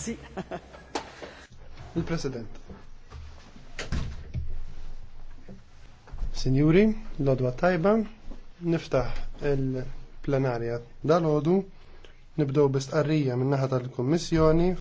Si. Il-President. Signori, l-odwa tajba, niftaħ il-plenarja dal-ħodu, nibdow bistqarrija naħa tal-Kommissjoni